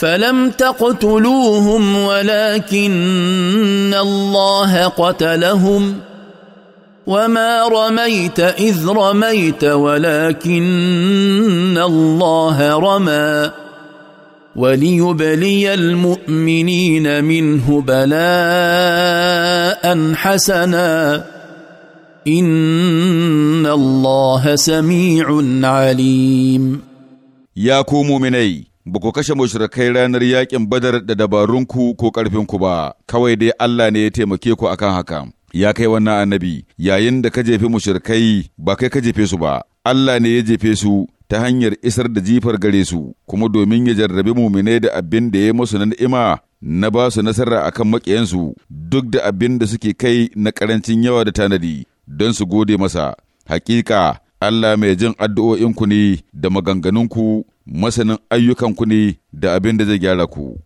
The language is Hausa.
فلم تقتلوهم ولكن الله قتلهم وما رميت اذ رميت ولكن الله رمى وليبلي المؤمنين منه بلاء حسنا ان الله سميع عليم يا كومو مني ba ku kashe mushrikai ranar yakin badar da dabarunku ko ƙarfinku ba, kawai dai Allah ne ya taimake ku akan haka. Ya kai wannan annabi, yayin da ka jefe mushrikai ba kai ka jefe su ba, Allah ne ya jefe su ta hanyar isar da jifar gare su, kuma domin ya jarrabi muminai da abin da ya musu na ni'ima na ba su nasara a akan maƙiyansu duk da abin da suke kai na ƙarancin yawa da tanadi don su gode masa. Hakika Allah mai jin addu'o'inku ne da maganganunku masanin ayyukanku ne da abin da zai gyara ku.